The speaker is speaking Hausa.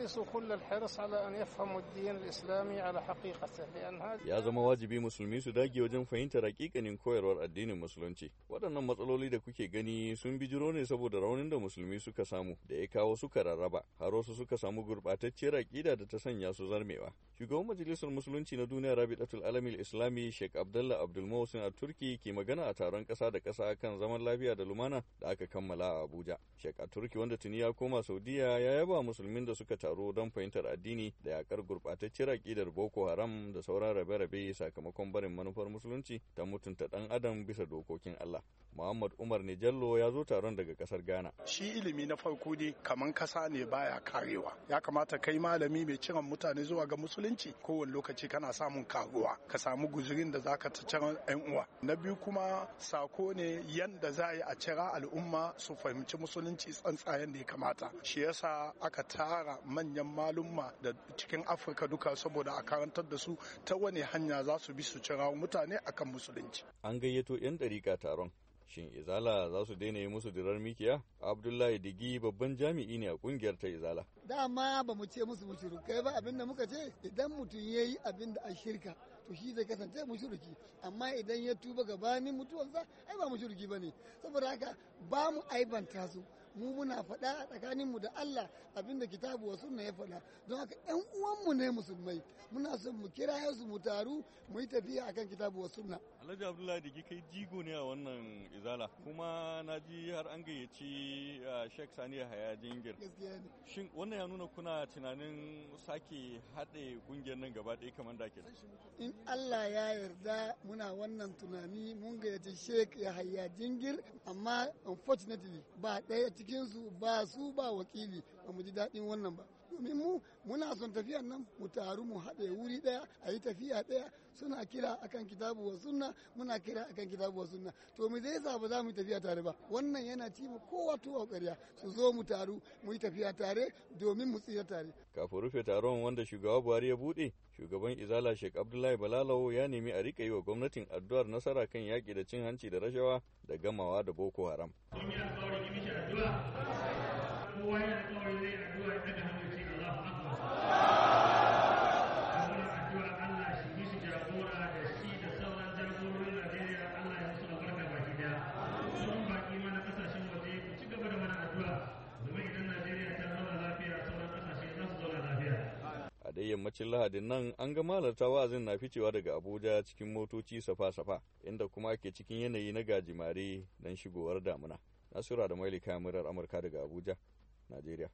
يحرص كل الحرص على أن يفهموا الدين الإسلامي على حقيقته لأن هذا يا زما واجبي مسلمي su dage wajen fahimtar hakikanin koyarwar addinin musulunci waɗannan matsaloli da kuke gani sun bijiro ne saboda raunin da musulmi suka samu da ya kawo suka rarraba har wasu suka samu gurɓatacciyar aƙida da ta sanya su zarmewa shugaban majalisar musulunci na duniya rabi'atul alamil islami sheikh abdullah abdul muhsin a turki ke magana a taron ƙasa da ƙasa kan zaman lafiya da lumana da aka kammala a abuja sheikh a turki wanda tuni ya koma saudiya ya yaba musulmin da suka taru taro don fahimtar addini da yakar gurɓatacciyar aƙidar Boko Haram da sauran rabe-rabe sakamakon barin manufar musulunci ta mutunta ɗan adam bisa dokokin Allah. Muhammad Umar ne jallo ya zo taron daga kasar Ghana. Shi ilimi na farko ne kaman kasa ne baya karewa. Ya kamata kai malami mai ciran mutane zuwa ga musulunci kowane lokaci kana samun karuwa ka samu guzurin da zaka ta ciran 'yan uwa. Na biyu kuma sako ne yanda za a yi a cira al'umma su fahimci musulunci tsantsayen da ya kamata. Shi yasa aka tara manyan malumma da cikin afirka duka saboda a karantar da su ta wani hanya za su bi su cira mutane akan musulunci an gayyato 'yan dariƙa taron shin izala za su daina yi musu dirar mikiya abdullahi digi babban jami'i ne a kungiyar ta izala dama ba mu ce musu mushrikai ba abinda muka ce idan mutum ya yi abin da a shirka to shi zai kasance mushriki amma idan ya tuba gabanin mutuwarsa ai ba mushriki ba ne saboda haka ba mu aibanta su mu muna faɗa a tsakaninmu da Allah abinda kitabu wa sunna ya faɗa don haka ƴan uwanmu ne musulmai muna son mu kira su mu taru mu yi tafiya akan kitabu wa sunna Alhaji Abdullahi da kai jigo ne a wannan izala kuma na ji har an gayyaci Sheikh Sani Yahaya Jingir gaskiya shin wannan ya nuna kuna tunanin sake haɗe kungiyar nan gaba ɗaya kamar da ke in Allah ya yarda muna wannan tunani mun gayyaci Sheikh Yahaya Jingir amma unfortunately ba ɗaya cikinsu ba su ba wakili ba mu ji daɗin wannan ba domin mu muna son tafiyar nan mu taru mu haɗe wuri daya a yi tafiya ɗaya suna kira akan kitabu wa sunna muna kira akan kitabu wa sunna to mu zai sa ba za mu tafiya tare ba wannan yana ci mu kowa tuwa ƙarya su zo mu taru mu yi tafiya tare domin mu tsira tare kafin rufe taron wanda shugaba Buhari ya buɗe shugaban Izala Sheikh Abdullahi Balalawo ya nemi a rika yi wa gwamnatin addu'ar nasara kan yaƙi da cin hanci da rashawa da gamawa da Boko Haram. yammacin lahadin nan an ga malarta wa'azin na ficewa daga abuja cikin motoci safa-safa inda kuma ke cikin yanayi na gajimare don shigowar damuna nasura da mailika murar amurka daga abuja najeriya